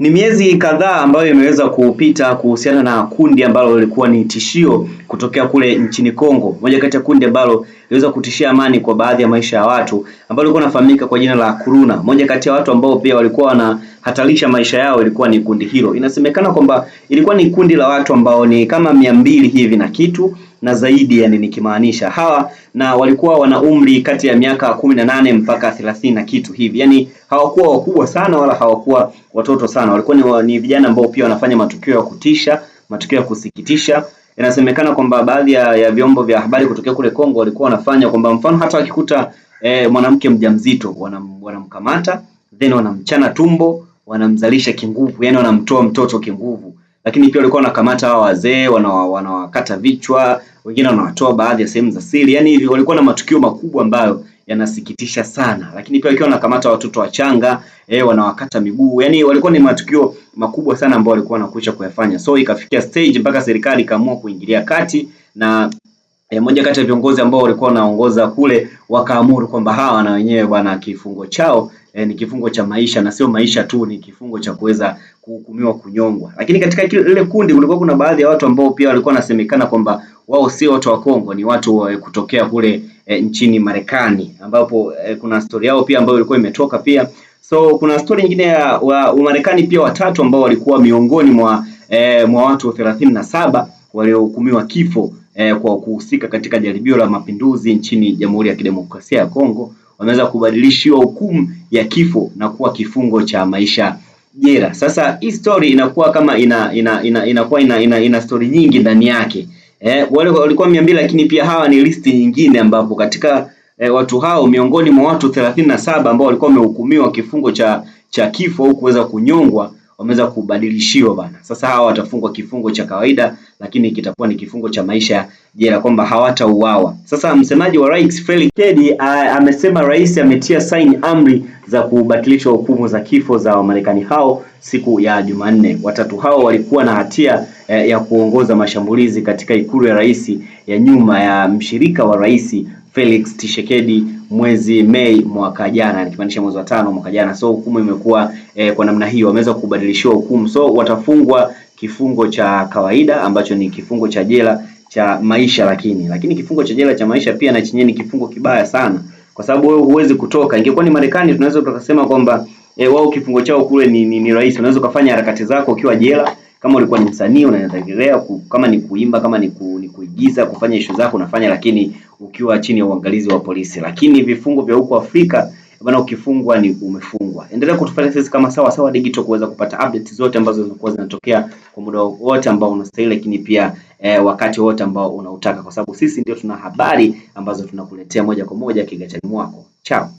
Ni miezi kadhaa ambayo imeweza kupita kuhusiana na kundi ambalo lilikuwa ni tishio kutokea kule nchini Kongo, moja kati ya kundi ambalo liliweza kutishia amani kwa baadhi ya maisha ya watu ambalo lilikuwa linafahamika kwa jina la Kuruna, moja kati ya watu ambao pia walikuwa wana hatarisha maisha yao ilikuwa ni kundi hilo. Inasemekana kwamba ilikuwa ni kundi la watu ambao ni kama mia mbili hivi na kitu na zaidi, yani nikimaanisha hawa, na walikuwa wana umri kati ya miaka kumi na nane mpaka thelathini na kitu hivi, yani hawakuwa wakubwa sana wala hawakuwa watoto sana, walikuwa ni, ni vijana ambao pia wanafanya matukio ya kutisha, matukio ya kusikitisha. Inasemekana kwamba baadhi ya, ya vyombo vya habari kutokea kule Kongo walikuwa wanafanya kwamba mfano hata wakikuta eh, mwanamke mjamzito wanam, wanamkamata then wanamchana tumbo wanamzalisha kinguvu, yani wanamtoa mtoto kinguvu. Lakini pia walikuwa wanakamata hawa wazee, wanawakata wana vichwa, wengine wanawatoa baadhi ya sehemu za siri. Yani hivi walikuwa na matukio makubwa ambayo yanasikitisha sana, lakini pia walikuwa wanakamata watoto wachanga eh, wanawakata miguu. Yani walikuwa ni matukio makubwa sana ambayo walikuwa wanakuja kuyafanya, so ikafikia stage mpaka serikali ikaamua kuingilia kati na E, moja kati ya viongozi ambao walikuwa wanaongoza kule wakaamuru kwamba hawa na wenyewe bwana, kifungo chao e, ni kifungo cha maisha na sio maisha tu, ni kifungo cha kuweza kuhukumiwa kunyongwa. Lakini katika ile kundi kulikuwa kuna baadhi ya watu ambao pia walikuwa wanasemekana kwamba wao sio watu wa Kongo, ni watu e, kutokea kule e, nchini Marekani, ambapo e, kuna stori yao pia ambayo ilikuwa imetoka pia. So kuna stori nyingine ya wa, Wamarekani pia watatu ambao walikuwa miongoni mwa e, mwa watu thelathini na saba waliohukumiwa kifo eh, kwa kuhusika katika jaribio la mapinduzi nchini Jamhuri ya Kidemokrasia ya Kongo wameweza kubadilishiwa hukumu ya kifo na kuwa kifungo cha maisha jela. Sasa hii story inakuwa kama ina ina ina inakuwa ina, ina, ina story nyingi ndani yake. Eh, wale walikuwa mia mbili lakini pia hawa ni listi nyingine ambapo katika eh, watu hao miongoni mwa watu thelathini na saba ambao walikuwa wamehukumiwa kifungo cha cha kifo au kuweza kunyongwa wameweza kubadilishiwa bana. Sasa hawa watafungwa kifungo cha kawaida, lakini kitakuwa ni kifungo cha maisha jela, kwamba hawatauawa. Sasa msemaji wa rais Felix Tshisekedi amesema rais ametia saini amri za kubatilishwa hukumu za kifo za Wamarekani hao siku ya Jumanne. Watatu hao walikuwa na hatia e, ya kuongoza mashambulizi katika ikulu ya rais ya nyuma ya mshirika wa rais Felix Tshisekedi mwezi Mei mwaka jana, nikimaanisha mwezi wa tano mwaka jana. So hukumu imekuwa eh, kwa namna hiyo, wameweza kubadilishiwa hukumu, so watafungwa kifungo cha kawaida ambacho ni kifungo cha jela cha maisha, lakini lakini kifungo cha jela cha maisha pia na chenye ni kifungo kibaya sana, kwa sababu wewe huwezi kutoka. Ingekuwa ni Marekani, tunaweza tukasema kwamba eh, wao kifungo chao kule ni, ni, ni rahisi, unaweza ukafanya harakati zako ukiwa jela kama ulikuwa ni msanii unaendelea, kama ni kuimba, kama ni ku kujiigiza kufanya ishu zako unafanya, lakini ukiwa chini ya uangalizi wa polisi. Lakini vifungo vya huko Afrika bana, ukifungwa ni umefungwa. Endelea kutufuatia sisi kama Sawa Sawa Digital kuweza kupata update zote ambazo zinakuwa zinatokea kwa muda wote ambao unastahili, lakini pia eh, wakati wote ambao unautaka, kwa sababu sisi ndio tuna habari ambazo tunakuletea moja kwa moja kigatani mwako. Chao.